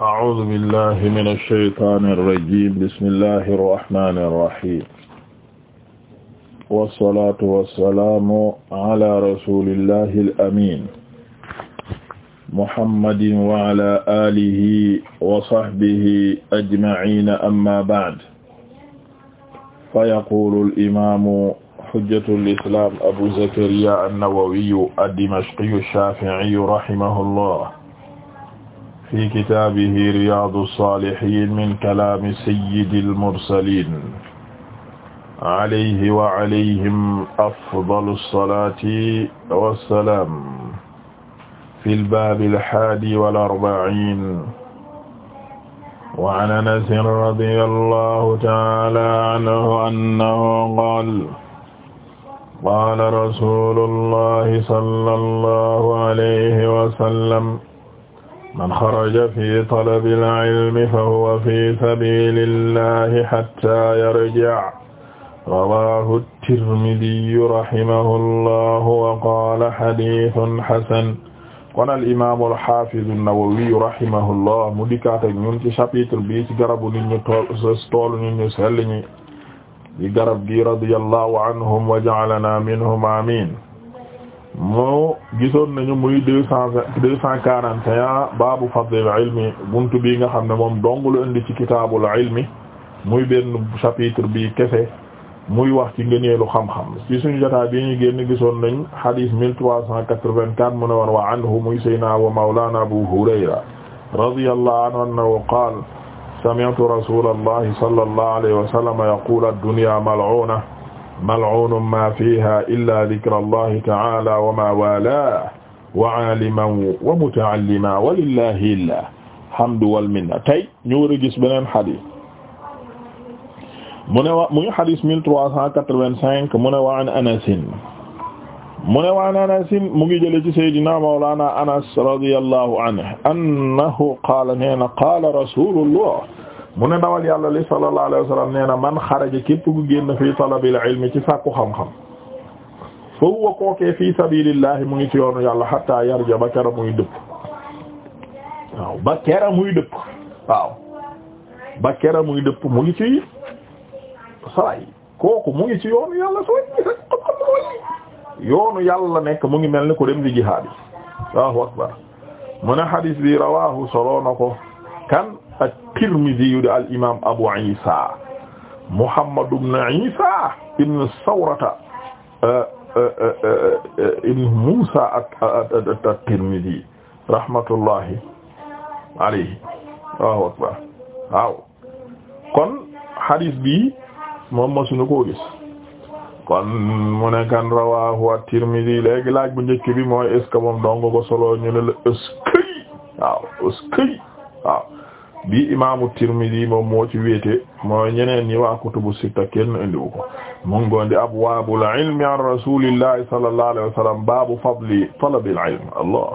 أعوذ بالله من الشيطان الرجيم بسم الله الرحمن الرحيم والصلاة والسلام على رسول الله الأمين محمد وعلى آله وصحبه أجمعين أما بعد فيقول الإمام حجة الإسلام أبو زكريا النووي الدمشقي الشافعي رحمه الله fi kitaabihi riyaadu saalihiin min kalaami sayyidil mursaliin alayhi wa alayhim afdalu salaati wa salaam fil baabil haadi wal arba'iin wa an Anas radiyallaahu ta'aalaa anhu annahu qaala qaala rasuulullaahi sallallaahu alayhi wa sallam man xaraja fi talabil ilmi fa huwa fi sabilillahi hatta yarji'a rawahu tirmidiyu rahimahullahu wa qaala hadiisun hasan kon al imaamu al haafizu nawawiyu rahimahullah mu dikkaat ak ñun ci chapitre bi ci garabu nit ñu tool tool nit ñu sell ñi di garab gi radiyallahu anhum wa ja'alana minhum amiin moo gisoon nañu muy deux cent deux cent quarante et un baabu fadlil ilmi bii nga xam ne moom dong la indi ci kitaabul ilmi muy benn chapitre bi kese muy wax ci ngëneelu xam-xam ci suñu jotaay bi ñu génn gisoon nañ hadith mille trois cent quatre-vingt-quatre mu ne woon wa anhu muy sayna wa mawlana abu hurayra radiyallahu anhu annahu qaala sami'tu rasulallahi sallallahu alayhi wa sallam yaqulu ad-dunya mal'una mal'unun ma fiha illa dhikra allahi ta'ala wa ma wala wa aliman wa muta'allima walillahi alhamdu wal minna tey ñu war a gis beneen xadis mu ne wa muy xadis mille trois cent quatre-vingt-cinq mu ne wa an anasin mu ne wa an anasin mu ngi jële ci sayyidina mawlana anas radiyallahu anhu annahu qaala nee na qaala rasulullah mu ne ndawal yàlla li sallallahu alayhi wa man xaraja képp ku génn fii talabil ilmi ci sàkku xam-xam fa huwa kookee fii sabilillahi mu ngi ci yoonu yàlla hatta yarja ba kera muy dëpp waaw ba kera muy dëpp mu ngi ci salay kooku mu ngi ci yoonu yàlla sooy yoonu yàlla nekk mu ngi mel ni ko dem di jihaad waaw akbar mu ne hadis bi rawahu solo ko kan at-Tirmidhi yu di al imaam Abu Isa Muhammad ibn Isa ibn Sawrata eh, eh, eh, ibn Musa at-Tirmidhi rahmatullahi alayhi Allahu akbar waaw kon hadith bi moom masuñu koo gis kon mu ne kan rawahu at-Tirmidhi léegi laaj bu njëkk bi mooy est-ce que ko solo ñu ne la bi imaamu Tirmidi moom moo ci wéete mooy ñeneen ñi waa kutubu sitta kenn indiwu ko mu ngi gondi abwaabul ilmi an rasuulillahi sallallahu alayhi wa sallam baabu fadli talabil ilm allah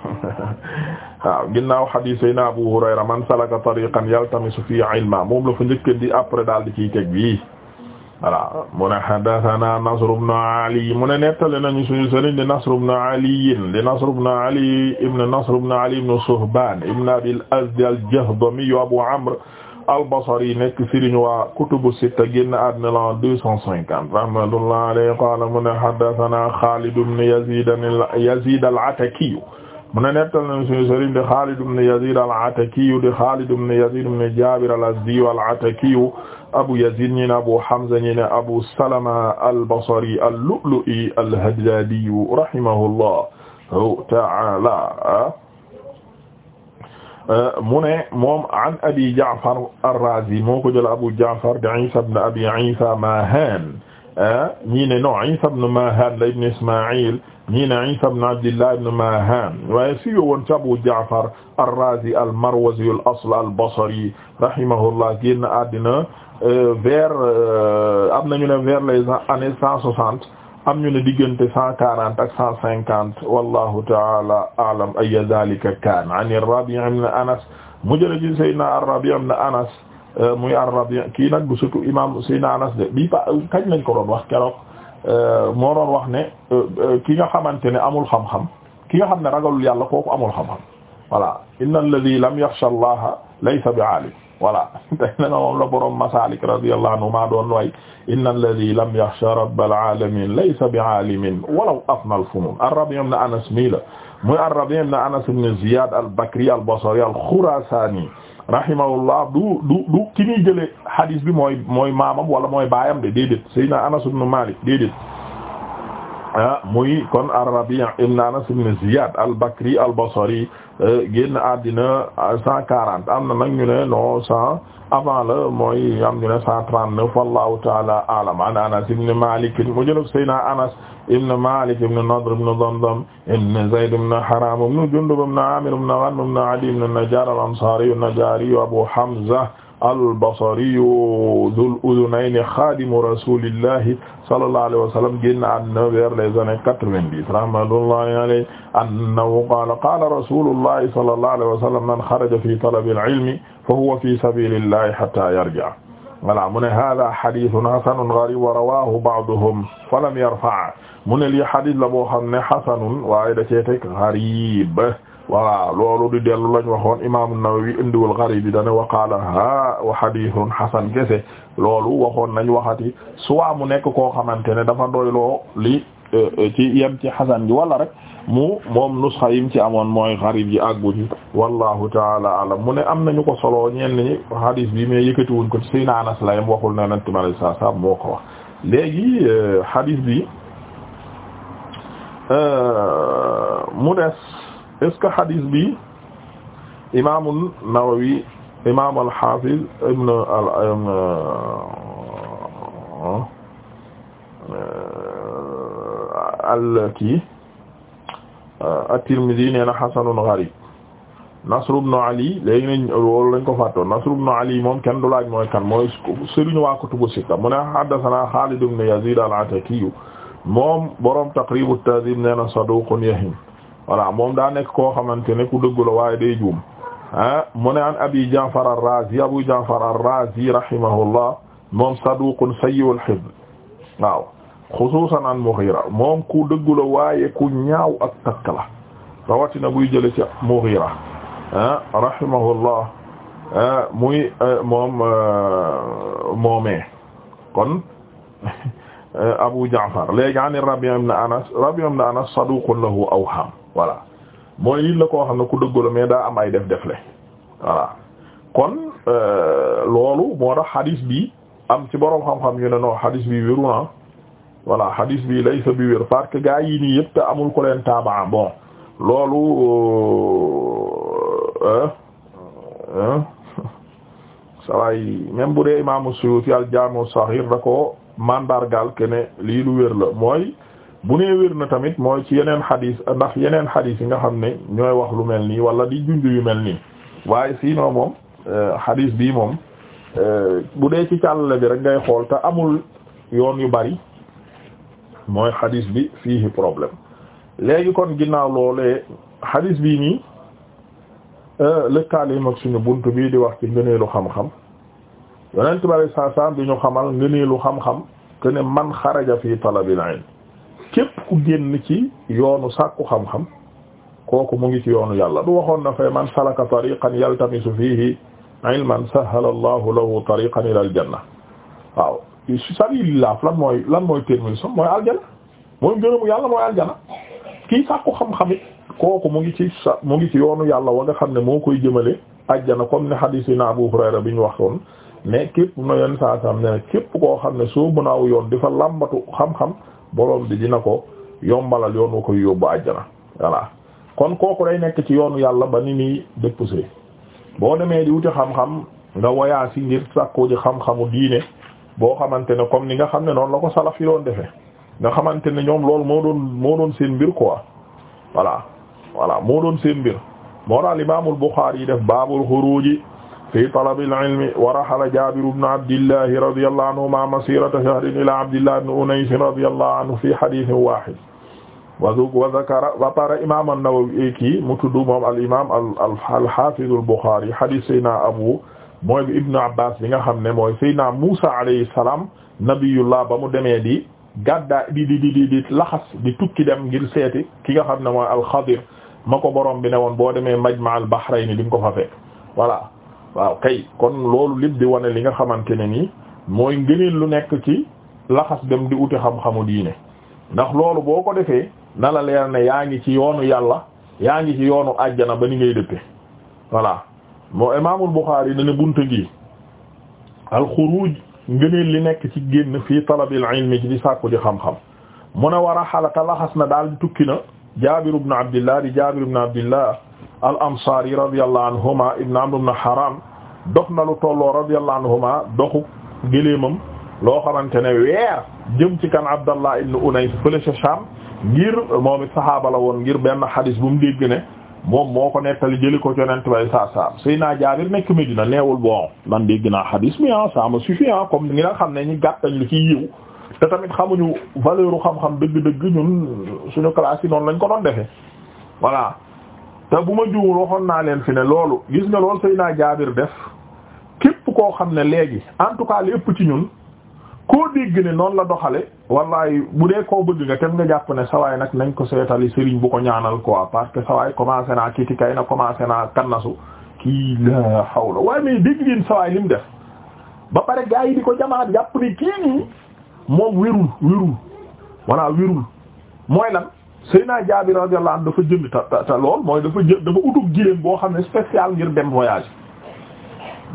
waaw ginnaaw hadiis sayna Abu Hurayra man salaka tariqan yaltamisu fihi ilma moom la fa njëkk di après daal di ciy teg bi voilà mu ne hadathana Nasr ibn Ali mu ne nettali nañu suñu sëriñ di Nasr ibn Ali di Nasr ibn Ali ibn Nasr ibn Ali ibn Suhban ibn Abil Azdi al-Jahdami yu Abu Amr al-Basri nekk sëriñ waa kutubu sitta génn àddina la 250 rahmatullahi alayhi qala mu ne hadathana Khalid ibn Yazid al-Ataki mu ne nettal nañu suñu sëriñ di Xaalid ibn Yaziid al-Atakiyu di Xaalid ibn Yaziid ibn Jaabir al-Azdiyu al-Atakiyu Abu Yaziid ñi ne Abu Hamza ñi ne Abu Salama al-Basri al-Lu'lu'i al-Haddadiyu rahimahullahu ta'ala mu ne moom an Abi Ja'far ar-Raazi moo ko jël Abu Ja'far di Iisa ibn Abi Iisa Maahaan ñi ne non Iisa ibn Maahaan la ibn Ismaa'iil ñii ne Isa ibn Abdillah ibn Mahan waaye si yo woon ci Abu Ja'far ar-Razi al-Marwazi al-asl al-Basri rahimahullah génn àddina euh, vers euh, am nañu ne vers les années cent soixante am ñu ne diggante cent quarante ak cent cinquante wallahu ta'ala a'lam ayya dhalika kana an ar-Rabi' ibn Anas mu jële ci Seydina ar-Rabi' ibn Anas euh, muy ar-Rabi' kii nag bu surtout imam Seydina Anas de bi pa kañ lañ ko doon wax keroog Euh, moo doon wax ne euh, euh, ki nga xamante ne amul xam-xam ki nga xam ne ragalul yàlla kooku amul xam-xam voilà inna alladhi lam yaxsha allaha laysa bi aalim voilà tey nana moom la borom masalik radiyallahu anhu maa doon way inna alladhi lam yaxsha rabbal alamin laysa bi aalimin walaw afna al funun ar-rabi' ibn anas mii la muy ar-rabi' ibn anas ibn ziyad al bakri al basri al khurasani rahimahullah du du du ki bi mooy mooy maamam wala mooy baayam de déedéet Seydina Anas ibn Malik déedéet ah muy kon ar-Rabi' ibn Anas ibn Ziyad al-Bakri al-Basri euh, génn àddina cent quarante am na nag ñu ne non cent avant la mooy am ñu ne cent trente neuf ta'ala a'lam Anas ibn Malik mu jël Seydina Anas ibn Malik ibn Nadr ibn Damdam ibn Zayd ibn Haram ibn Jundub ibn Amir ibn Ghanm ibn Adi ibn Najjar al-Ansari an-Najjari Abu Hamza al-Basri dhul udhunayn khadimu rasulillahi sallallahu alayhi wa sallam génn àddina vers les années quatre-vingt-dix rahmatullahi alayhi annahu qaala qaala rasulullahi sallallahu alayhi wa sallam man kharaja fi talabil ilmi fa huwa fi sabilillahi hatta yarji'a voilà mu ne hada hadithun hasanun gharib wa rawahu ba'duhum falam yarfa mu ne lii hadith la boo xam ne hasanun waaye da cee teg gharib voilà loolu di dellu lañ waxoon imaamu Nawawi indiwul gharib yi dane wa qaala ha wa hadithun hasan gese loolu waxoon nañ waxati soit mu nekk koo xamante ne dafa doyloo li euh, euh, ci yem ci hasan gi wala rek mu moom nusxa yim ci amoon mooy xarib yi ak ci wallahu taala alam mu ne am nañu ko solo ñenn ñi hadis bi mais yëkkati wuñ ko ci Seydina Anas layam waxul ne nanti ma lay saa saa moo ko wax léegi euh, hadis bi euh, mu des est-ce que bi imaamul Nawawi imaam al-Hafiz ibn al euh, al kii Euh, at-Tirmidhi nee na hasanun gharib Nasr ibn Ali léegi nañ loolu lañ ko fàttoon Nasr ibn Ali moom kenn du laaj mooy kan mooy sëriñu waa kutubu sitta mu ne haddathana Khalid ibn moom borom Taqrib at nee na saduqun voilà moom daa nekk koo xamante ne ku dëggu waaye day juum ah mu ne an Abi Ja'far ar-Razi Abu Ja'far moom saduqun sayyi'ul hifz waaw xusuusan an Mughira moom ku dëggu waaye ku ñaaw ak takk la rawatina buy jële ci Mughira ah, ah muy eh, moom eh, moomee kon Abu Ja'far léegi an Rabi' ibn Anas Rabi' ibn Anas saduqun lahu awham voilà mooy nit la koo xam ne ku dëggu la mais daa am ay def defle voilà kon eh, loolu moo tax hadis bi am ci boroom xam-xam yu ne noo hadis bi wéru ah. voilà hadis bi lay bi wér parce que gaa yi nii yëpp te amul ko leen taaba bon loolu euh, saway même bu dee imaamu Suyuti al Jaami' as-Saxiir da ko mandargal ke ne lii lu wér la mooy bu nee wér na tamit mooy ci yeneen xadis ndax yeneen xadis yi nga xam ne ñooy wax lu mel nii wala di junj yu mel nii waaye sinon moom xadis euh, bii moom euh, bu dee ci càllale bi rek ngay xool te amul yoon yu bari mooy xadis bi fiihi problème léegi kon ginnaaw loolee xadis bi nii euh, lëkkaale yi mag suñu bunt bii di wax ci ngëneelu xam-xam yonent bari saa saa bi ñu xamal ngëneelu xam-xam te ne man xaraja fii talabil ilm képp ku génn ci yoonu sàkku xam-xam kooku mu ngi ci yoonu yàlla du waxoon na fay man salaka tariqan yaltamisu fiihi ilman sahala allahu lahu tariqan ila al janna waaw fi sabilillah lan mooy lan mooy terminus mooy aljana mooy ngërëmu yàlla mooy aljana kii sàkku xam-xamit kooku mu ngi ci sa mu ngi ci yoonu yàlla wa nga xam ne moo koy jëmale ajjana comme ne na Abu Hurayra bi ñu waxoon mais képp na yenn saa sam ne képp koo xam ne soo mënaaw yoon di fa làmbatu xam-xam boroom bi dina ko yombalal yoon wa koy yóbbu ajjana voilà kon kooku day nekk ci yoonu yàlla ba ni muy dépoussé boo demee di wuti xam-xam nga woyaa si ngir sàkku ji xam-xamu diine boo xamante ne comme ni nga xam ne noonu la ko salaf yi doon defee nga xamante ne ñoom loolu moo doon moo doon seen mbir quoi voilà voilà moo doon seen mbir moo daal imaamul Buxaari yi def baabul xuruuji fi talabil ilmi wa rahala Jaabir ibn Abdillah radiyallahu anhuma masirata shahrin ila Abdillah ibn Unays radiyallahu anhu fi hadithin wahid wazug wa zakara wa para imam an-Nawawi kii mu tudd moom al imam al al hafiz al Buxaari hadith sayna Abu mooy bi ibnu abbas bi nga xam ne mooy sayyidina musa alayhi salaam nabiyullah ba mu demee di gàddaa di di di di di laxas di tukki dem ngir seeti ki nga xam ne mooy alxadir ma ko borom bi ne woon boo demee majma al bahrayni di nga ko fa fekk voilà waaw kay kon loolu lépp di wane li nga xamante ne nii mooy ngëneel lu nekk ci laxas dem di wuti xam-xamu diine ndax loolu boo ko defee na la leer ne yaa ngi ci yoonu yàlla yaa ngi ci yoonu àjjana ba ni ngay moo imaamul Buxaari dana buntu gi alxuruj ngëneel li nekk ci génn fii talabil ilmi ci di sàkku di xam-xam mu ne war a na daal tukki na Jaabir ibn Abdillah di Jaabir ibn Abdillah al ansaari radiyallahu anhuma ibn Amr ibn Haram dox na lu tolloo radiyallahu anhuma doxu xamante ne weer jëm ci kan Abdallah ibn Unays fële ca Sham ngir moom it saxaaba la woon ngir benn xadis bu mu moom moo ko nettali jëli ko yonent bay saa saam Seydina Jaabir nekk Medina neewul bon man dégg naa xadiis mi ah ça me suffit ah comme ngi nga xam ne ñu gàttañ lu ci yiw te tamit xamuñu valeur u xam-xam dëgg-dëgg ñun suñu classe yi noon lañ ko doon defee voilà te bu ma juwul waxoon naa leen fi ne loolu gis nga loolu Seydina Jaabir def képp koo xam ne léegi en tout cas li ci ñun koo dégg ne noonu la doxale wallahi bu dee koo bëgg nga tem nga jàpp ne sawaay nag nañ ko seetali sëriñ bu ko ñaanal ko parce que sawaay commencé naa kiti kay na commencé naa kannasu kii la hawla waaye mais dégg ngeen sawaay li def ba pare gaa yi di ko jamaat jàpp ni kii nii moom wérul wérul walla wérul mooy lan Seydina Jaabir radiyallahu anhu dafa jënd ta ta lool mooy dafa jënd dafa utug giléem boo xam ne spécial ngir dem voyage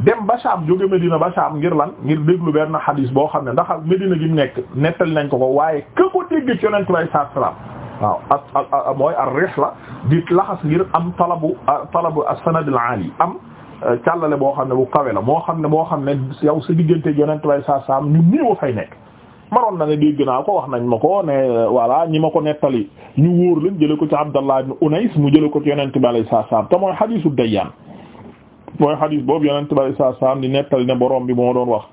dem ba Sham jóge Medina ba Sham ngir lan ngir déglu benn xadis boo xam ne ndax Medina gi mu nekk nettali nañ ko ko waaye ka ko dégg ci Yonent bi saa salaam waaw ak mooy ar-rihla di laxas ngir am talabu talabu as-sanad al-aali am euh, càllale boo xam ne bu kawe la moo xam ne moo xam ne yow sa diggante Yonent bi saa saam ñu néew fay nekk. maroon na ne dégg naa ko wax nañ ma ko ne euh, voilà ñi ma ko nettali ñu wóor leen jëlee ko ci Abdallah ibn Unays mu jëlee ko ci Yonent bi saa salaam te mooy xadisu mooy xadis boobu yonent bi sallallahu alayhi wasallam di ne borom bi moo doon wax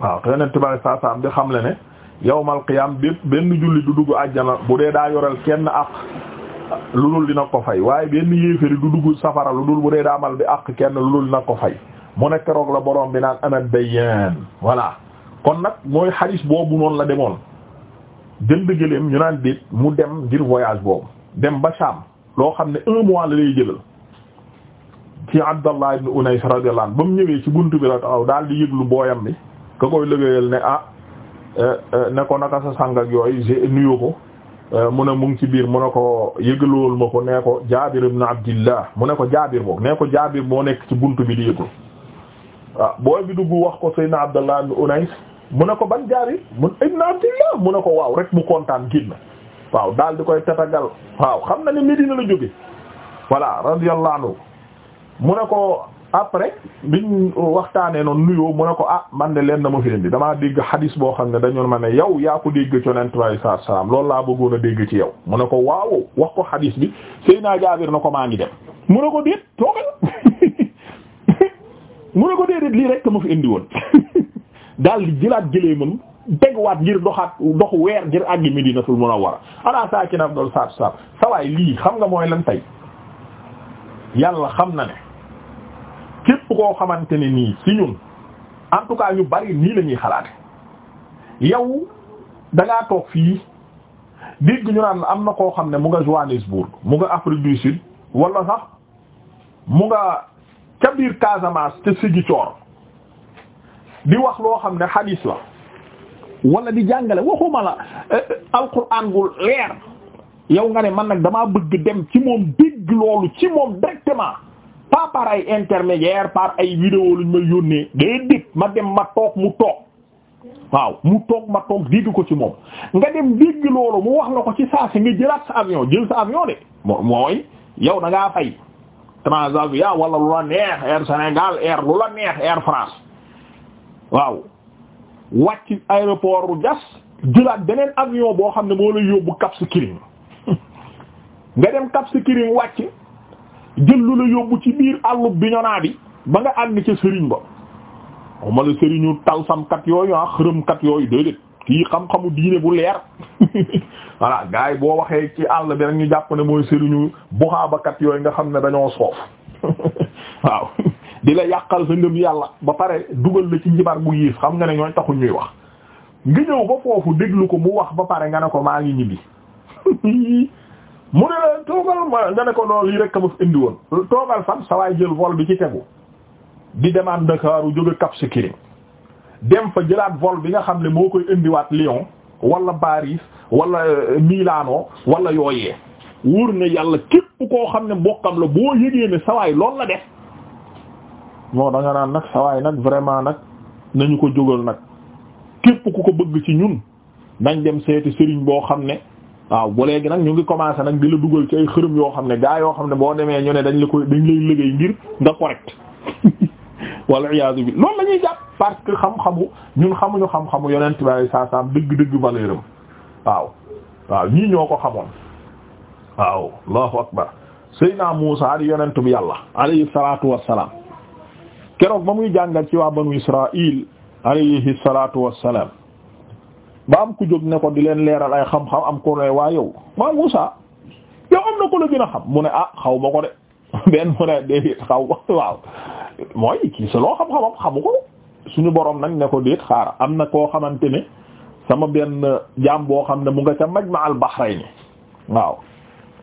waaw te yonent bi sallallahu alayhi wasallam di xamle ne yawmal qiyaam bépp benn julli du dugg àjjana bu dee daa yoreel kenn ak lu dul dina ko fay waaye benn yéeféri du dugg safara lu dul bu dee daa amal bi ak kenn lu dul dina ko fay mu nekk roog la borom bi naan ana bayyaan voilà kon nag mooy xadis boobu noonu la demoon jënd gëléem ñu naan déet mu dem ngir voyage boobu dem ba Sham loo xam ne un la lay ci Abdallah ibn Unays radiyallahu anhu ba mu ñëwee ci buntu bi la taxaw daal di yëglu booyam bi ka koy liggéeyal ne ah eh, eh, ne ko naka sa sang yooyu g ko eh, mu ne mu ngi ci biir mu ne ko yëgalool ma ko ne ko Jaabir ibn Abdillah mu ne ko Jaabir boog nee ko Jaabir moo nekk ci bunt bi di yëglu waaw ah, booy bi dugg wax ko Seydina Abdallah ibn Unays mu ne ko ban Jaabir mu ibn Abdillah mu ne ko waaw rek mu kontaan génn waaw daal di koy tatagal waaw xam na ne Medina la jóge voilà radiyallahu mu ne ko après biñ waxtaanee noonu nuyoo mu ne ko ah man de leen na ma fi indi damaa dégg xadis boo xam ne dañu ma ne yow yaa ko dégg ci Yonent bi sallallahu alayhi loolu laa bëggoon a dégg ci yow mu ne ko waaw wax ko xadis bi Seydina Jaabir na ko maa ngi dem mu ne ko déet toogal mu ne ko déedéet lii rek ma fi indi woon daal di jëlaat jëlee man dégguwaat ngir doxaat doxu weer ngir àgg Medinatul Munawwara ala saakina afdal saab saab sawaay lii xam nga mooy lan tey yàlla xam na koo xamante ne nii ci ñun en tout cas ñu bari nii lañuy ñuy xalaate yow da toog fii dégg ñu naan am na koo xam ne mu nga Johannesburg mu nga Afrique du Sud wala sax mu nga ca biir Casamance ca Ziguinchor di wax loo xam ne hadis la wala di jàngale waxuma la eh, eh, alquran gu leer yow nga ne man nag dama bëgg dem ci moom dégg loolu ci moom directement pas par ay intermédiaire par ay vidéo luñ may yónnee day dégg ma dem ma toog mu toog waaw mu toog ma toog dégg ko ci moom nga dem dégg loolu mu wax la ko ci saa si nga jëlaat sa avion jël sa avion de mooy yow da ngaa fay Transavia wala lu la neex Air Sénégal Air lu la neex Air France waaw wàcc aéroport bu jëlaat beneen avion boo xam ne moo lay yóbbu Cap Skirring nga dem Cap Skirring wàcc jël lu la yóbbu ci biir àllub bi naa bi ba nga àgg ca sëriñ ba ma la sëriñu talsamkat yooyu ah xërëmkat yooyu déedéet kii xam-xamu diine bu leer voilà gars yi boo waxee ci àll bi nag ñu jàpp ne mooy sëriñu buxaabakat yooyu nga xam ne dañoo soof waaw di la yàqal sa ngëm yàlla ba pare dugal la ci njibar bu yiis xam nga ne ñooy taxul ñuy wax nga ñëw ba foofu déglu ko mu wax ba pare nga ne ko maa ngi ñibbi mu ne la toogal ma nga ne ko loolu yi rek ka ma indi woon toogal fan sa jël vol bi ci tegu di demaat Ndakaaru jóge si Skirring dem fa jëlaat vol bi nga xam ne moo koy indiwaat Lyon wala Paris wala euh, Milano wala yooyee wóor na yàlla képp koo xam ne mbokkam la boo yëgee ne sawaay loolu la def moo da nga naan nag sawaay nag vraiment nag nañu ko jógal nag képp ku ko bëgg ci ñun nañ dem seeti sëriñ boo xam ne waaw ba léegi nag ñu ngi commencé nag di la dugal ci ay xërëm yoo xam ne gaa yoo xam ne boo demee ñu ne dañ la koy dañ lay liggéey ngir nga correct wala iyaazu bi loolu la ñuy parce que xam-xamu ñun xamuñu xam-xamu yonent bi saa saam dëgg-dëgg valeur am waaw waaw ñii ñoo ko xamoon waaw allahu akbar Seydina Muusaa di yonent bi yàlla alayhi salaatu wassalaam keroog ba muy jàngal ci waa banu Israaïl alayhi salaatu wassalaam ba am ku jóg ne ko di leen leeral ay xam-xam am ko ne waa yow waa Musa yow am na ko la gën xam mu ne ah xaw ma ko de benn mu ne déedéet xaw waaw mooy kii xamu ko suñu borom nag ne ko déet xaar am na koo xamante ne sama benn jaam boo xam ne mu nga ca majma al bahrayni waaw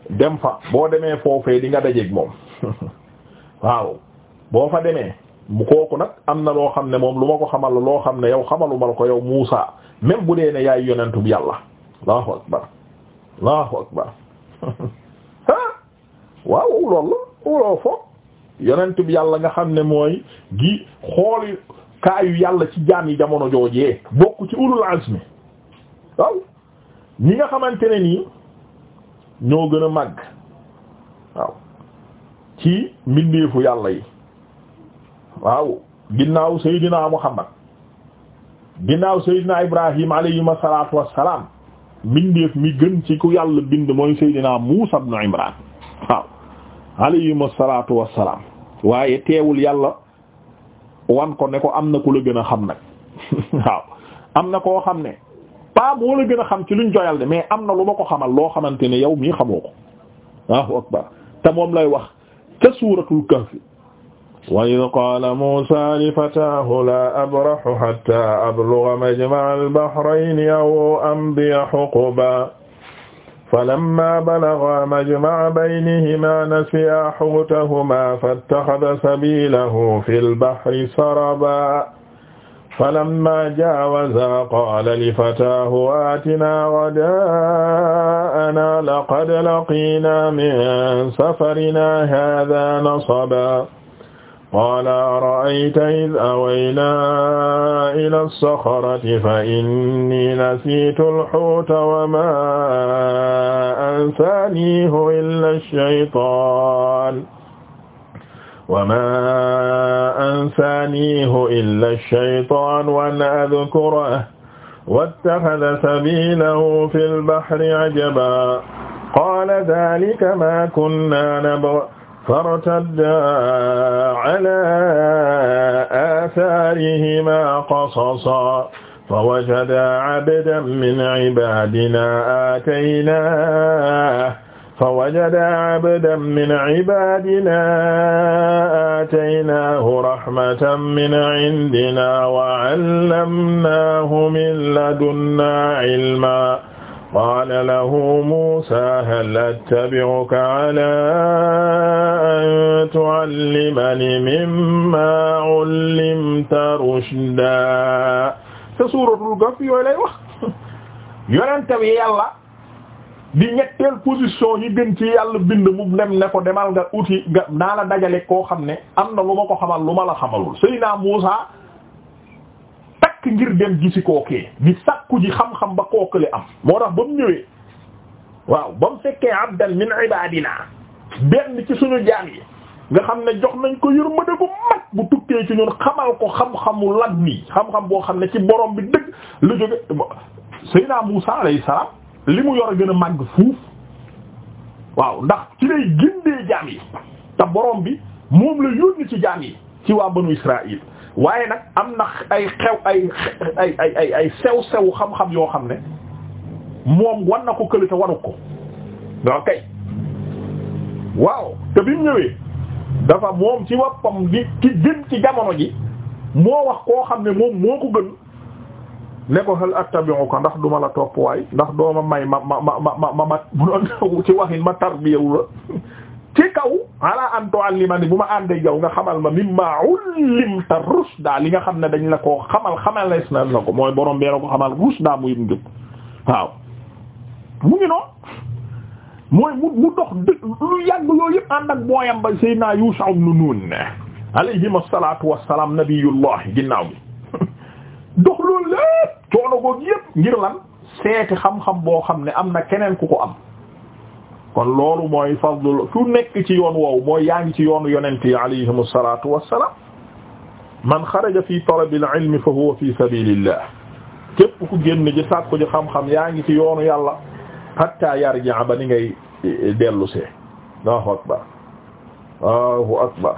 dem fa boo demee foofee di nga dajeeg moom waaw boo fa demee mu kooku nag am na loo xam ne moom lu ma ko xamal la loo xam ne yow xamaluma la ko yow Muusa même bu dee ne yaay yonentu bi yàlla allahu akbar allahu akbar ah waaw loolu la looloo fo yonentu yàlla nga xam ne mooy gi xooli kaayu yàlla ci jaan yi jamono joojee bokk ci ulul azmi waaw ñi nga xamante ne nii ñoo gën a màgg waaw ci mbindeefu yàlla yi waaw ginnaaw Seydina Muhammad ginnaaw Seydina Ibrahim alayhim asalatu wassalam mbindeef mi gën ci ku yàlla bind mooy Seydina Muusa ibn Imran waaw alayhim asalatu wassalam waaye teewul yàlla wan ko ne ko am na ku la gën a xam nag waaw am na koo xam ne pas moo la gën a xam ci luñ joyal de mais am na lu ma ko xamal loo xamante ne yow mii xamoo ko waaw akbar te moom lay wax ca suuratul kahf wa id qaala Muusaa lifataahu laa abrahu hattaa abluga majmaca albahrayni aw amdiya huquban falammaa balagaa majmaca baynihimaa nasiyaa huutahumaa fattaxada sabiilahu fil bahri saraba falammaa jaawazaa qaala lifataahu aatinaa ghadaa'anaa laqad laqiinaa min safarinaa haazaa nasaban qaala ara'ayta id awaynaa ila as-saxrati fa innii nasiitu al-xuuta wa maa ansaaniihu illa ash-shaytaan wa maa ansaaniihu illa ash-shaytaan wa an adkurahu wattaxada sabiilahu fil bahri ajabaa qaala zaalika maa kunnaa nabghi fartaddaa alaa aasaarihimaa qasasan fawajadaa abdan min cibaadinaa aataynaahu fawajadaa abdan min cibaadinaa aataynaahu rahmatan min cindinaa wa callamnaahu min ladunnaa cilmaa qaala lahu Muusaa hal attabi'uka alaa an tu'allimanii mimmaa 'ullimta rushdaa te suuratul Kahf yooyu lay wax yonent bi yàlla di ñetteel position yi gën ci yàlla bind mu dem ne ko demal nga uti nga naa la dajale koo xam ne am na lu ma ko xamal lu ma la xamalul Seydina Muusaa ngir dem gisi kookee di sàkku ji xam-xam ba kookale am moo tax ba mu ñëwee waaw ba mu fekkee abdan min ibadina benn ci suñu jaam yi nga xam ne jox nañ ko yërmande gu mag bu tukkee ci ñun xamal ko xam-xamu lag nii xam-xam boo xam ne ci borom bi dëgg la jóge Seydina Muusa alayhi salaam li mu yor a gën a màgg fuuf waaw ndax ci lay gindee jaam yi te borom bi moom la yónni ci jaam yi ci waa banu Israël waaye nag am na ay xew ay ay ay ay sew sew xam-xam yoo xam ne moom war na ko kële te ko waaw kay waaw te bi mu ñëwee dafa moom ci woppam di ki gën ci jamono ji moo wax koo xam ne moom moo ko gën ne ko hal attabi'uka ndax duma la topp waay ndax dooma may ma ma ma ma ma ma ci waxin ma tarbiyawu ci kaw ala an tu'allimani bu ma àndee yow nga xamal ma mimma ullimta rushda li nga xam ne dañ la koo xamal xamal la isna la ko mooy borom bee la ko xamal rushda muy njub waaw mu ngi noonu mu mu dox dëgg lu yàgg yooyu yëpp ànd ak booyam ba Seydina Yusha ibn Nun alayhim asalatu wasalaam nabiyullah ginnaaw bi dox loolu lépp seeti xam-xam boo xam ne am na keneen ku ko am kon loolu mooy fadlu ku nekk ci yoon woowu mooy yaa ngi ci yoonu yonent yi alayhim asalatu wassalam man xaraja fi talabil ilmi fa huwa fi sabilillah képp ku génn ci sàkku ji xam-xam yaa ngi ci yoonu yàlla hatta yarji'a ba ni ngay e, e, dellu see Allahu akbar Allahu akbar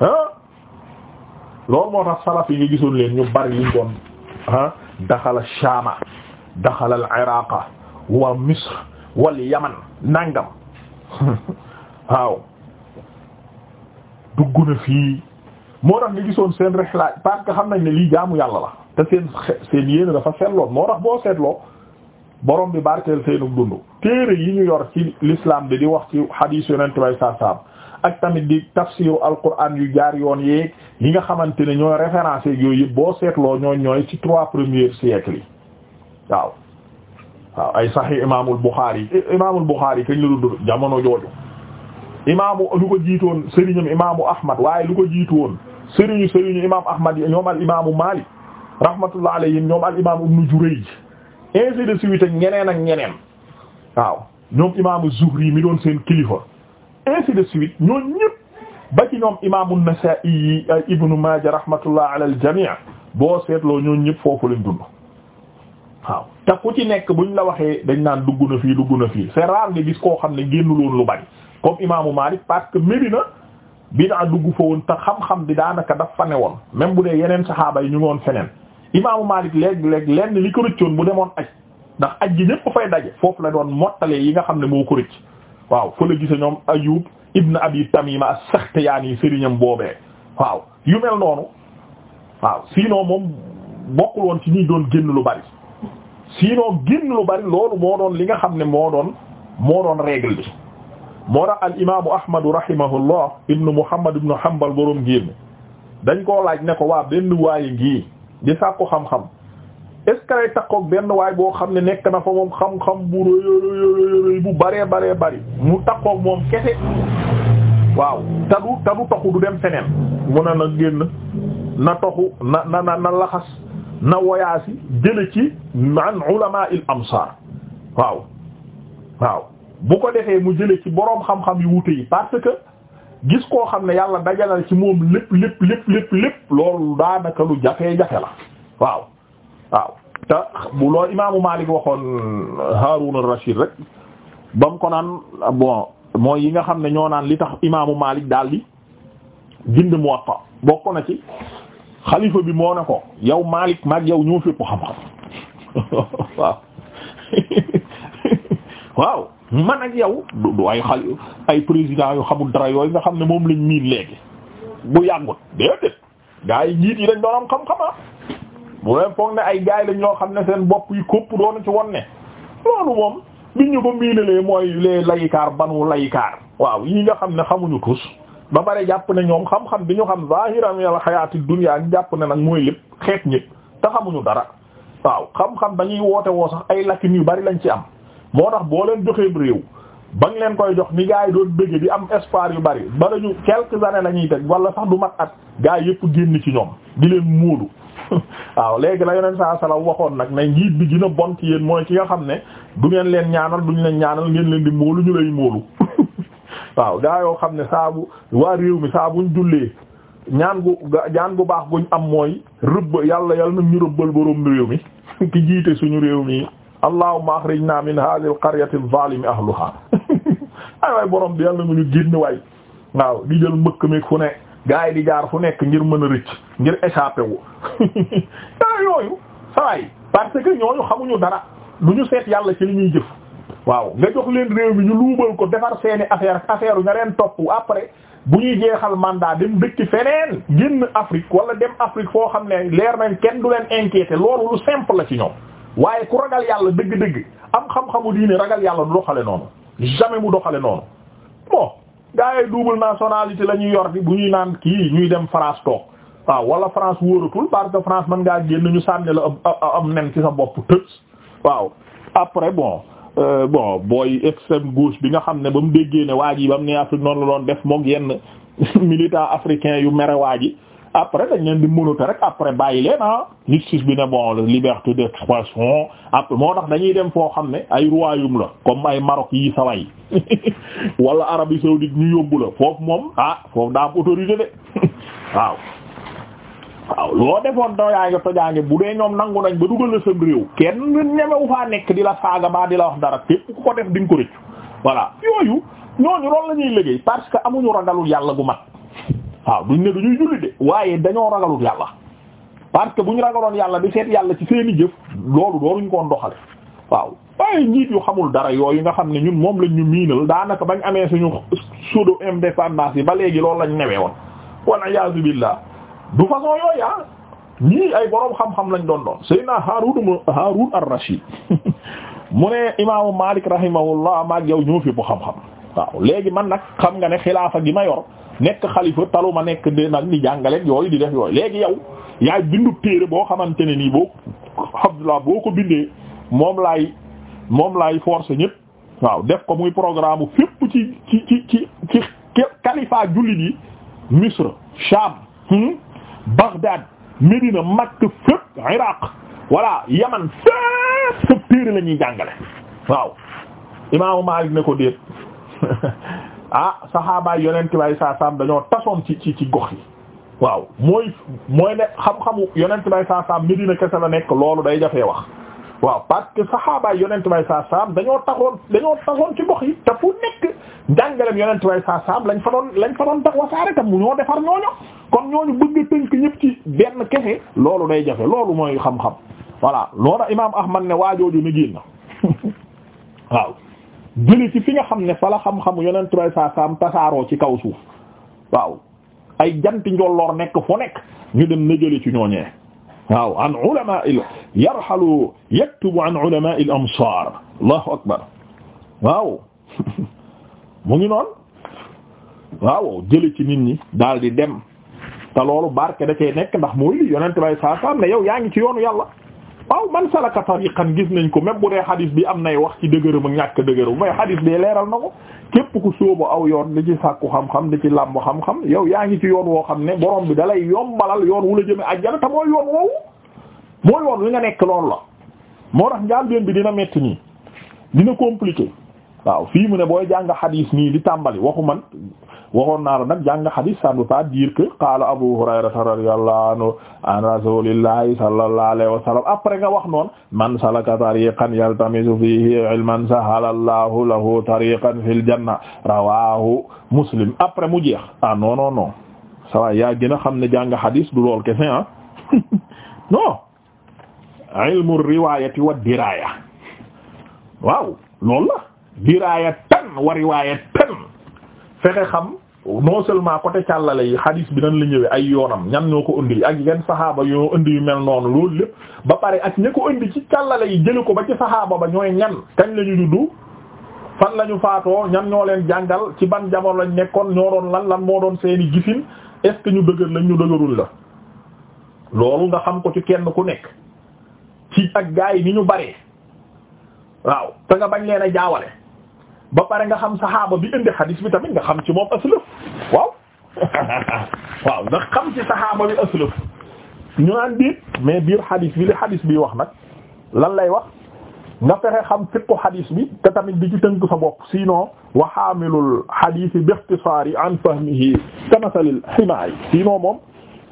ah loolu moo tax salaf yi nga gisoon leen ñu bari liñ doon ah daxala Shaama daxala al Iraaqa wa Misr wal Yaman nangam waaw dugg na fii moo tax nga gisoon seen rexlaaj parce que xam nañ ne lii jaamu yàlla la te seen seen yéene dafa seetloon moo tax boo seetloo borom bi barkeel seenu dund téere yi ñu yor ci lislaam bi di wax ci hadith yonent bay saasaam ak tamit di tafsiru alquran yu jaar yoon yi yi nga xamante ne ñooy référence yooyu boo seetloo ñooy ñooy ci trois premiers siècles yi waaw waaw ay saxi imaamul Buxaari imaamul Buxaari kañ la dund jamono jooju imaamu lu ko jiitoon sëriñam imaamu Ahmad waaye lu ko woon sëriñu sëriñu imaam Ahmad yi ñoom al imaamu Maalik rahmatullah alayhim ñoom al imaam Ibnu Jurayj ainsi de suite ak ñeneen ak ñeneen waaw ñoom imaamu Zuhri seen kilifa ainsi de suite ñooñu ñoom imaamu Nasaa'i Ibnu Maaja rahmatullah ala al jamii boo seetloo ñooñu ñëpp foofu lañ dund. waaw te ku ci nekk ñu la waxee dañ naan dugg na fii dugg na fii c'est rare nga gis koo xam ne génnuloon lu bari comme imaamu Malik parce que Medina bi daa dugg fa woon te xam-xam bi daanaka daf fa ne woon même bu dee yeneen saxaaba yi ñu ngi woon feneen imaamu Malik léeg-léeg lenn li ko rëccoon bu demoon aj ndax aj gi ñëpp fay daje foofu la doon mottalee yi nga xam ne moo ko rëcc waaw fa la gise ñoom Ayyub ibn Abi Tamima as-Saxtiyaani sëriñam boobee waaw yu mel noonu waaw sinon moom bokkul woon ci ñuy doon génn lu bari sinon gin lu bari loolu moo doon li nga xam ne moo doon moo doon règle bi moo tax al imaamu ahmadu rahimahullah ibnu muhammad ibnu hanbal boroom ngir mi dañ koo laaj ne ko waa benn waaye ngii di sàkku xam-xam est-ce que lay benn waay boo xam ne nekk na fa moom xam-xam bu rëy bu bëree bëree bëri mu takkoog moom kese waaw tadu tadu toxu du dem feneen mu ne na génn na toxu na na na laxas na woyaasi jële ci an ulama il amsar waaw waaw bu ko defee mu jële ci boroom xam-xam yu wute yi parce que gis koo xam ne yàlla dajalal ci moom lépp lépp lépp lépp lépp loolu daanaka lu jafe-jafe la waaw waaw te bu imaamu Maalik waxoon Haarun ar-Rashid rek ba ko naan bon mooy yi nga xam ne ñoo naan li tax imaamu Maalik daal di bind Muwatta bokk na ci xalifa bi moo ne ko yow Malik maag yow ñoo fépp xam-xam waaw man ak yow du ay xali ay président yu xamul dara yooyu nga xam ne moom lañ miin léegi bu yàggut déedéet gaa yi njiit yi dañ doon am xam-xama ah. bu leen foog ne ay gaa yi lañ ñoo xam ne seen bopp yi këpp doonu ci won loolu moom biñ ñu ko miinalee mooy les layikaar banu layikaar waaw yi nga xam ne xamuñu tus ba pare jàpp ne ñoom xam-xam bi ñu xam zahiram yal xayaati dunya ak jàpp ne nag mooy lépp xeet ñëpp te xamuñu dara waaw xam-xam dañuy woote woo sax ay lacunes yu bari lañ ci am moo tax boo leen joxee réew ba nga leen koy jox ni gars yi doon bëgg di am espoir yu bari ba lañu quelques années la ñuy teg wala sax du mat at gars yëpp génn ci ñoom di leen móolu waaw léegi la yoneen saa salaam waxoon nag ne njiit bi dina bon ci yéen mooy ki nga xam ne du ngeen leen ñaanal duñ leen ñaanal ngeen leen di móolu ñu lay móolu waaw daa yoo xam ne saabu waa réew mi saabuñ jullee ñaan gu ñaan gu baax guñ am mooy rëbb yàlla yàlla nag ñu rëbbal boroom réew mi ki jiite suñu réew mi allahumma akhrijna min hadhihi al-qaryati adh-dhalimi ahluha ay waay borom bi yàlla na ñu génn waay waaw di jël mbëkk mi fu ne gaa yi di jaar fu nekk ngir mën a rëcc ngir échappé wu yooyu sawaay parce que ñooñu xamuñu dara lu ñu seet yàlla ci li ñuy jëf waaw nga jox leen réew mi ñu luubal ko defar seeni affaire affaire nga leen topp après bu ñuy jeexal mandat dem dëkk feneen génn Afrique wala dem Afrique foo xam ne leer nañ kenn du leen inquiété loolu lu simple la ci ñoom waaye ku ragal yàlla dëgg-dëgg am xam-xamu diine ragal yàlla du doxale noonu jamais mu doxale noonu bon gars yi double nationalité la ñuy yor bi bu ñuy naan kii ñuy dem France toog waaw wala France wóoratul parce que France mën ngaa génn ñu sànni la am am nen ci sa bopp waaw après bon. Euh, bon booy extrême gauche bi nga xam ne ba mu déggee ne waa ji ba mu ne Afrique noonu la doon def moog yenn militant africain yu mere waa après dañ leen di mënata rek après bàyyi leen ah justice bi ne bon liberté d'expression après moo tax dañuy dem foo xam ne ay royaume la comme ay Maroc yi saway wala Arabie saoudite ñu yóbbu la foofu moom ah foofu daa am autorité de waaw waaw loo defoon tojaange tojaange bu dee ñoom nangu nañ ba dugal la sam réew kenn ñemewu faa nekk di la saaga baa di la wax dara képp ku ko def di ko rëccu voilà yooyu ñooñu loolu la ñuy liggéey parce que amuñu ragalul yàlla gu mat waaw duñ ne duñuy julli de waaye dañoo ragalul yàlla parce que bu ñu ragaloon yàlla di seet yàlla ci seeni jëf loolu dooruñ koon doxale waaw waaye njiit yu xamul dara yooyu nga xam ne ñun moom lañ ñu miinal daanaka bañ amee suñu pseudo indépendance yi ba léegi loolu lañ newee woon wal iyaazu billah du façon yooyu ah ñii ay borom xam-xam lañ doon doon Seydina Haarun Haarun ar-Rashid mu ne imaamu Malik rahimahullah maag yow ñoo fi xam-xam waaw léegi man nag xam nga ne xilaafa gi ma yor nekk xalifa talu ma nekk de nag di jàngaleeg yooyu di def yooyu léegi yow yaay bindu téere boo xamante ne nii boo Abdullah boo ko bindee moom lay moom lay forcer ñëpp waaw def ko muy programme fépp ci ci ci ci ci xalifa jullit yi Misr Sham hmm? Bagdad Médina Makka fépp Iraq voilà Yaman fépp fépp téere la ñuy jàngale waaw imaamu Maalik ne ko déet ah saxaabaay yonent bay saa dañoo tasoon ci ci ci gox yi waaw mooy mooy ne xam-xamu yonent bay saa saam kese la nekk loolu day jafee wax waaw parce que saxaabaay yonent bay saa saam dañoo taxoon dañoo taxoon ci gox yi te fu nekk njàngalem yonent bay saam lañ fa doon lañ fa doon tax wasaare tam ñoo defar ñooñu kon ñooñu bëgg tënk ñëpp ci benn kese loolu day jafe loolu mooy xam-xam voilà loolu imaam Ahmad ne waajooju ni génn waaw jëli ci fi nga xam ne fa la xam-xamu yonent bay saa saam tasaaroo ci kaw suuf waaw ay janti njolloor nekk fo nekk ñu dem na jëli ci ñooñee waaw an ulama il yarhalu yaktubu an ulama il amsar allahu akbar waaw mu ngi noonu waaw jële ci nit ñi daal di dem te loolu barke da cee nekk ndax mooy li yonent bay saa saa ne yow yaa ngi ci yoonu yàlla waaw man salaka tariqan gis nañ ko même bu dee xadis bi am nay wax ci dëgëram ak ñàkk dëgëram mais xadis bi leeral na ko képp ku sóobu aw yoon di ci sàkku xam-xam di ci làmb xam-xam yow yaa ngi ci yoon woo xam ne borom bi dalay yombalal yoon wu la jëme àjjana te mooy yoon woowu mooy yoon wi nga nekk loolu la moo tax njàmbeen bi dina metti nii dina compliqué waaw fii mu ne booy jàng xadis nii di tàmbali waxu man waxoon naa la nag jàng xadis ça ne veut pas dire que qaala Abu Hurayrata radiyallahu anhu an rasulillahi sallallahu alayhi wa sallam après nga wax noonu man salaka tariqan yaltamisu fihi ilman sahala Allahu lahu tariqan fil janna rawahu Muslim après mu jeex ah non non non ça va yaa gën a xam ne jàng xadis du lool kese ah non ilmu riwaayati wa diraaya waaw loolu la diraayatan wa riwaayatan fexe xam non seulement côté càllale yi hadith bi nan la ñëwee ay yoonam ñan ñoo ko indi ak yenn saxaaba yoo indi yu mel noonu loolu lépp ba pare ak ña ko indi ci càllale yi jëli ko ba ci saxaaba ba ñooy ñan kañ la ñu juddu fan lañu ñu faatoo ñan ñoo leen jàngal ci ban jamono lañ nekkoon ñoo doon lan lan moo doon seeni gisin est ce que ñu dëgër lañ ñu la loolu nga xam ko ci kenn ku nekk ci ak gaa yi ni ñu bare waaw te nga bañ leen a jaawale ba pare nga xam saxaaba bi indi xadis bi tamit nga xam ci moom aslëf waaw waaw nga xam ci saxaaba bi aslëf ñu naan mais biir xadis bi li bi wax nag lan lay wax nga fexe xam fiqu xadis bi te tamit di ci tënk sa bopp sinon wa xaamilul xadis bi ixtisaari an fahmihi kamasalil ximaari sinon moom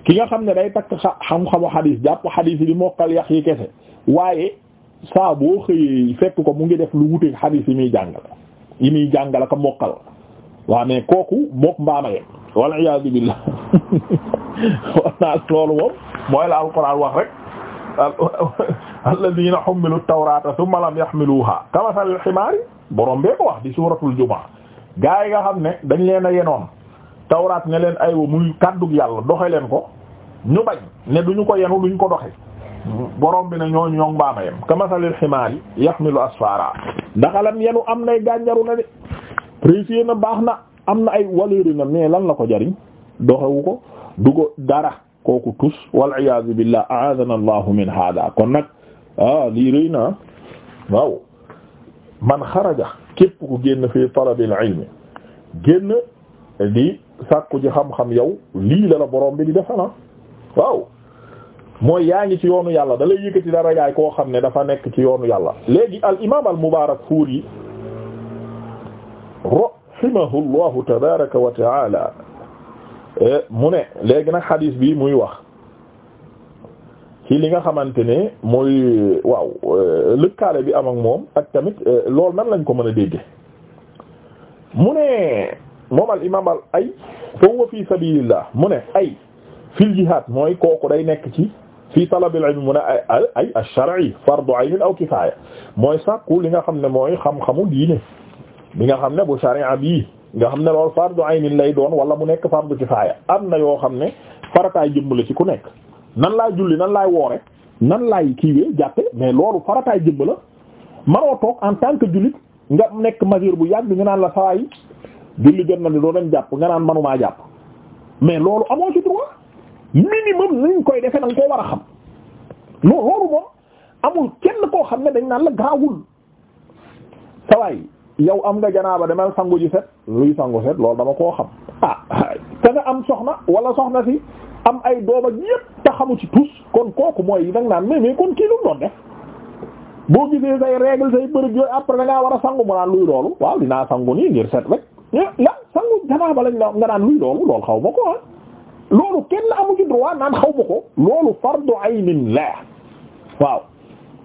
ki nga xam ne day takk xam-xamu xadis jàpp xadis yi di mokkal yax yi kese waaye saa boo xëyee fekk ko mu ngi def lu wuteeg xadis yi muy jàngale yi muy jàngal ak mokkal waa mais kooku mook mbaama ye walla iyaazu billaah war naa loolu moom mooy la alxuraan wax rek alladina xummilu tawrata tumma lam yaxmiluha kamasalil ximaari borom bee ko wax di suuratul jumaa gaa yi nga xam ne dañ leen a yenoon tawraat ne leen aywa muy kàddug yàlla doxe leen ko ñu bañ ne duñu ko yenu duñ ko doxe borom bi ne ñoo ñoŋ mbaama yem kamasalil ximaari yaxmilu asfaara daxalam yenu am nay gànjaru na de précieux na baax na am na ay waleeri na mais lan la ko jariñ doxewu ko du ko dara kooku tus wal iyaazu billah aadana allahu min hada kon nag ah lii rëy na waaw man xaraja képp ku génn fii talabil ilmi génn di sàkku ji xam-xam yow lii la la borom bi di defana ah. waaw mooy yaa ngi ci yoonu yàlla da lay yëkkati dara yaay koo xam ne dafa nekk ci yoonu yàlla léegi al imaam al mubaarak fuur yi rahimahu llahu wa taala e, mu ne léegi nag xadis bi muy wax ci li nga xamante ne muy waaw e, lëkkaale bi am ak moom ak tamit e, lool nan lañ ko mën a dégge mu ne moom al imaam ay fa huwa fi sabilillah mu ne ay fil jihad mooy kooku day nekk ci fii talabil ilmi mu ne ay ay fardu aynin aw kifaaya mooy sàkku li nga xam ne mooy xam-xamu diine bi nga xam ne bu sharia bii nga xam ne loolu fardu aynin lay doon wala mu nekk fardu kifaaya am na yoo xam ne farataay jëmm la ci ku nekk nan laay julli nan laay woore nan laay kiiwee jàppe mais loolu farataay jëmm la maroo toog en tant que jullit nga nekk majeur bu yàgg ñu naan la sawaay julli jot na ne doo dem jàpp nga naan manumaa jàpp mais loolu amoo ci droit minimum nuñ koy defee nag ko koo war a xam non loolu moom amul kenn koo xam ne dañ naan la gaawul sawaay yow am nga janaaba demal sangu ji set luy sangu set loolu dama koo xam ah te nga am soxna wala soxna si am ay doom ak te xamu ci tous kon kooku mooy da nga naan mais mais kon kii lu doon def boo gisee say règle say bërëb yooyu après na ngaa war a sangu mu naan luy loolu waaw dinaa sangu nii ngir set rek la sangu janaaba lañ la nga daan luy loolu loolu xaw ma loolu kenn amu droit naan xaw ma ko loolu fardu aynin la waaw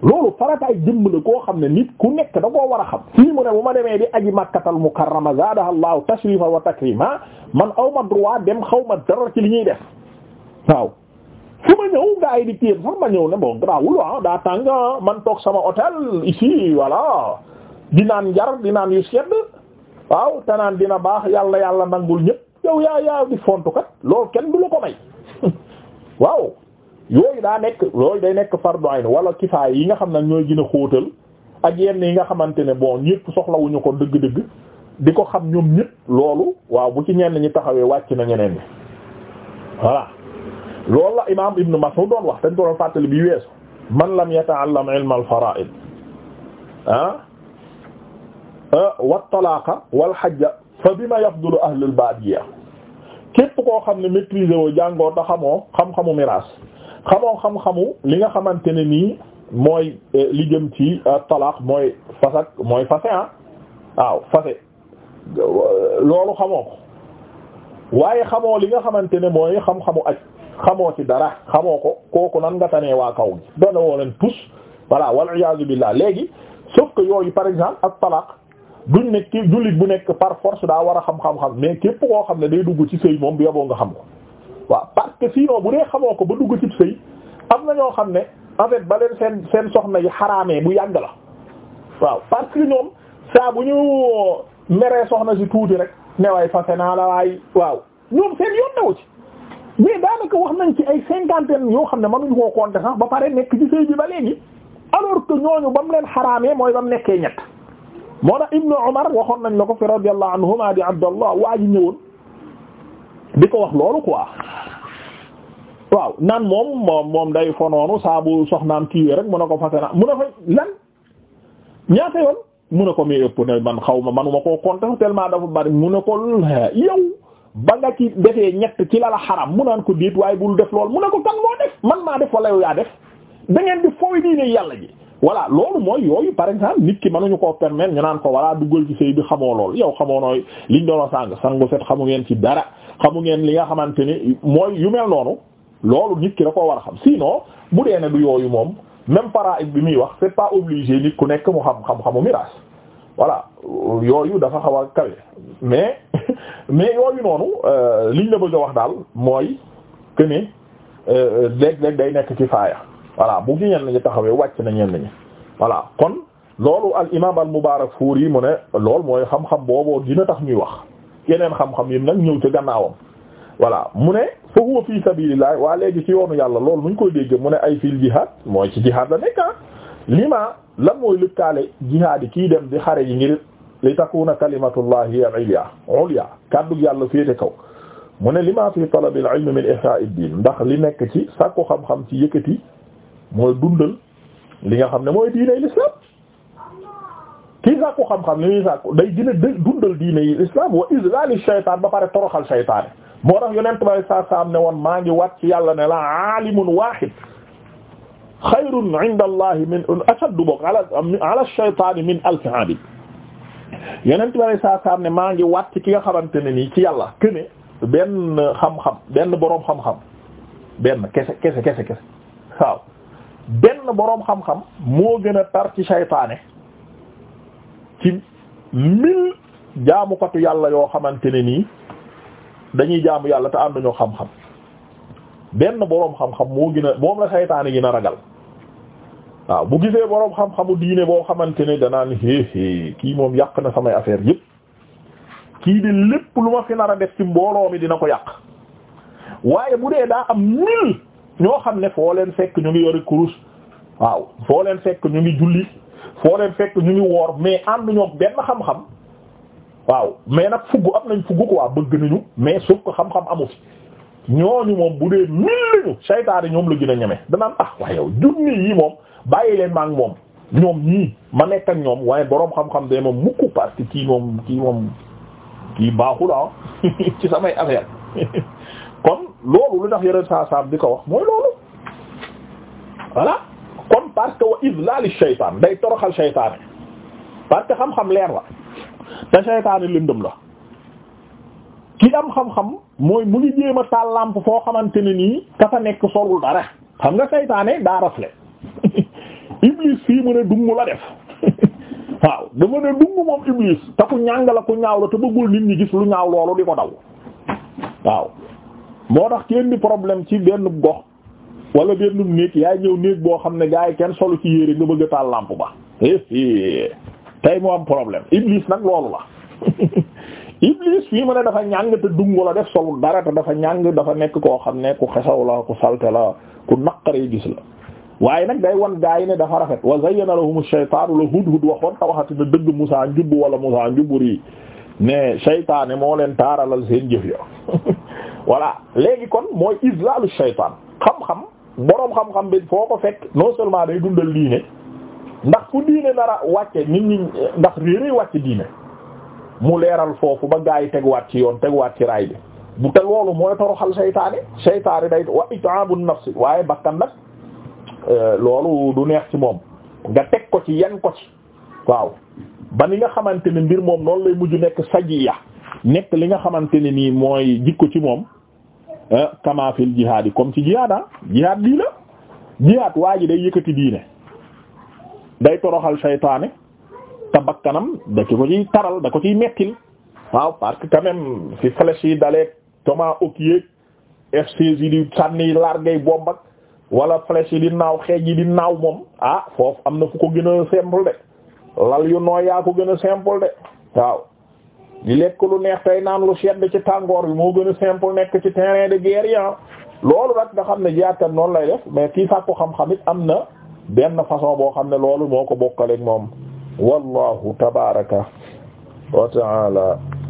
loolu farataay jëmm la koo xam ne nit ku nekk da koo war a xam fii mu ne bu ma demee di aji makkatal mukarrama zaadaha allahu tashrifa wa takrima man awma droit dem xaw ma dara ci li ñuy def waaw su ma ñëw gaa yi di téer sax ma ne bon grawul ah daa tàng ah man toog sama hôtel ici voilà di naan jar di naan waaw te dina baax yàlla yàlla nangul ñëpp yow yaa yaa di fontukat loolu kenn du la ko may waaw yooyu daa nekk yooyu day nekk fardu ayn wala kifaay yi nga xam ne ñooy gën a xóotal ak yenn yi nga xamante ne bon ñëpp soxlawuñu ko dëgg-dëgg di ko xam ñoom ñëpp loolu waaw bu ci ñenn ñi taxawee wàcc na ñeneen bi voilà loolu la imaam Ibn Mas'ud doon wax dañ ko doon fàttali bi weesu man lam yata'allam ilma al-fara'id ah, ah wa talaqa wal hajja fa bima yafdulu ahlul baadiya képp koo xam ne maîtriser woo jàngoo te xamoo xam-xamu miraas xamoo xam-xamu li nga xamante ne nii mooy eh, li jëm ci eh, talaax mooy fas mooy fase ah waaw fase loolu xamoo ko waaye xamoo li nga xamante ne mooy xam-xamu aj xamoo ci dara xamoo ko kooku nan nga tanee waa kaw gi doone woo leen tous voilà wal iyaazu billah léegi sauf que yooyu par exemple ak talaax duñ ne ki jullit bu nekk par force daa war a xam-xam-xam mais képp koo xam ne day dugg ci sëy moom bi yoboo nga xam ko waaw parce que sinon bu dee xamoo ko ba dugg ci sëy am na ñoo xam ne en ba leen seen seen soxna yi xaraamee bu yàgg la waaw parce que ñoom saa bu ñu meree soxna si tuuti rek ne waay fase naa la waaye waaw ñoom seen yoon nawu ci mais daanaka wax nañ ci ay cinquantaine yoo xam ne mënuñ koo compter sax ba pare nekk ci sëy bi ba léegi alors que ñooñu ba mu leen xaraamee mooy ba mu nekkee moo tax Ibnu Umar waxoon nañ la ko fi radiyallahu anhuma di Abdallah waa ji ñëwoon di ko wax loolu quoi waaw naan moom moom moom day fonoonu saabu soxnaam kiiwee rek mun a ko fase na mun a fa lan ñaata yoon mun a ko muy ëpp ne man xaw ma manuma koo compter tellement dafa bari mun a ko yow ba nga ci defee ñett ci la la xaram mu naan ko déet waaye bul def lool mun a ko kan moo def man maa def wala yow yaa def da ngeen di fooy diine yàlla ji voilà loolu mooy yooyu par exemple nit ki mënuñu ko permettre ñu naan ko voilà duggal ci sëy bi xamoo lool yow xamoo nooy liñ doon sàng sangu set xamu ngeen ci dara xamu ngeen li nga xamante ni mooy yu mel noonu loolu nit ki da koo war a xam sinon bu dee ne du yooyu moom même paraïbe bi muy wax c'est pas obligé nit ku nekk mu xam xam-xamu miraas voilà yooyu dafa xaw a kawe mais mais yooyu noonu euh, liñ la bëgg a wax daal mooy que ne euh, léeg-léeg day nekk ci voilà bu fi ñenn ñi taxawee wàcc na ñenn nañu voilà kon loolu al imaam al mubaarak fuur yi mu ne lool mooy xam-xam booboo dina tax ñuy wax yeneen xam-xam yi nag ñëw ci gannaawam voilà mu ne fa huwa fi sabilillah waa léegi ci yoonu yàlla lool loolu nuñ koy dégg mu ne ay fil jihad mooy ci jihad la nekk ah lima lan mooy lëkkaale jihaad yi kii dem di xare yi ngir li takuna kalimatullahi ulya ulya kàddu yàlla féete kaw mu ne lima fi talabil ilmi min ihya ad-din ndax li nekk ci sàkku xam-xam ci yëkkati mooy dundal li nga xam ne mooy diiney l'islam kii sàkku xam-xam li ñuy sàkku day gën a dundal diiney l'islam wa ba pare toroxal shaytaane moo tax yonent bay saa saa am ne woon maa ngi wat yàlla ne la aalimun waahid xayrun inda allahi min ashaddu bok ala ala shaytaani min alfi aabid yeneen tubaab yi saa saa ne maa ngi waat ci ki nga xamante ne nii ci yàlla que ne benn boroom xam-xam benn kese kese kese kese waaw benn boroom xam-xam moo gën a tar ci saytaane ci mil jaamukatu yàlla yoo xamante ne nii dañuy jaamu yàlla te ànduñoo xam-xam benn boroom xam-xam moo gën a moom la saytaane gën a ragal waaw bu gisee boroom xam-xamu diine boo xamante ne danaan hé hé kii moom yàq na samay affaire yépp kii di lépp lu ma fi nar a def ci mbooloo mi dina ko yàq waaye bu dee daa am mil ñoo xam ne foo leen fekk ñu ngi yori kurus waaw foo leen fekk ñu ngi julli foo leen fekk ñu ngi woor mais ànduñoo benn xam-xam waaw mais nag fugg am nañ fugg waa bëgg nañu mais suuf ko xam-xam amu fi ñooñu moom bu dee mil lañu saytaane ñoom la gën a ñeme danaan ah junni yi moom bàyyi leen maa moom ñoom ñii ma nekk ak ñoom waaye boroom xam-xam de moom mukk parce kii moom kii moom kii baaxul ah ci samay affaire kon loolu lu tax yore saa saam di ko wax mooy loolu voilà. parce que wa izlaali shaytaan day toroxal shaytaane parce que xam-xam leer la te shaytaane lëndëm la ki am xam-xam mooy mu ngi jéem a taal lampe foo xamante ne nii ka fa nekk solul dara xam nga shaytaane daa rafle iblis fii mu ne dungu la def waaw dama ne dungu moom iblis te ku ñàng la ku ñaaw la te bëggul nit ñi gis lu ñaaw loolu di ko daw waaw moo tax kenn di problème ci benn gox wala benn néeg yaay ñëw néeg boo xam ne gaa yi kenn solu ci yére nga bëgg a taal lampe ba eh, eh. tey moo am problème Iblis nag loolu la Iblis fii ma ne dafa ñàng te dungu la def solul dara te dafa ñàng dafa nekk koo xam ne ku xesaw la ku salte la ku naqaree gis la waaye nag day wan gaa yi ne dafa rafet wa zayyana lahumu shaytaanu la hudhud waxoon te waxati na dëgg musa njubb wala Musaa njubburi ne seytaane moo leen taaralal seen jëf ya voilà léegi kon mooy islaalu shaytaan xam boroom xam-xam bi foo ko fekk non seulement day dundal diine ndax fu diine dara wàcce nit ñi ndax réeré wàcc diine mu leeral foofu ba gaa yi teguwaat ci yoon teguwaat ci raay bi bu te loolu mooy toroxal seytaane seytaane day wa itaabu nafsi waaye bakkan nag euh, loolu du neex ci moom nga teg ko ci yan ko ci waaw ba ni nga xamante ne mbir moom noonu lay mujj nekk sajiya nekk li nga xamante ne nii mooy jikko ci moom Eh, kama fil jihaad yi comme ci jihaad ah jihaad lii la jihaad waa ji day yëkkati diine day toroxal saytaane te bakkanam da ci ko ciy taral da ko ciy mettil waaw parce que quand fi flèche yi daleeg Thomas Hawk yeeg f yi di sànni largay bomb ak wala flèche yi di naaw xeej yi di naaw moom ah foofu am na fu ko gën simple de lal yu nooy yaa ko gën simple de waaw di lekk lu neex tey naan lu sedd ci tàngoor bi moo gën a simple nekk ci terrain de guerre ah. loolu nag nga xam ne jiyaatkat noonu lay def mais kii sàkku xam-xam it am na benn façon boo xam ne loolu moo ko bokkaleeg moom wallahu tabaraka wa taala